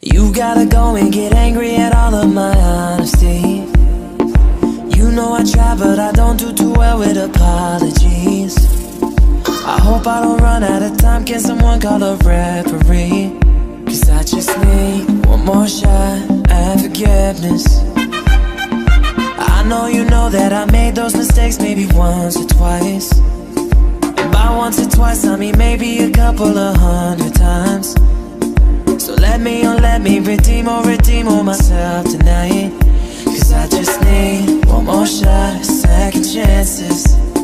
You gotta go and get angry at all of my honesty You know I try but I don't do too well with apologies I hope I don't run out of time, can someone call a referee? Cause I just need one more shot at forgiveness I know you know that I made those mistakes maybe once or twice and By once or twice I mean maybe a couple of hundred times let me redeem or redeem all myself tonight Cause I just need one more shot, second chances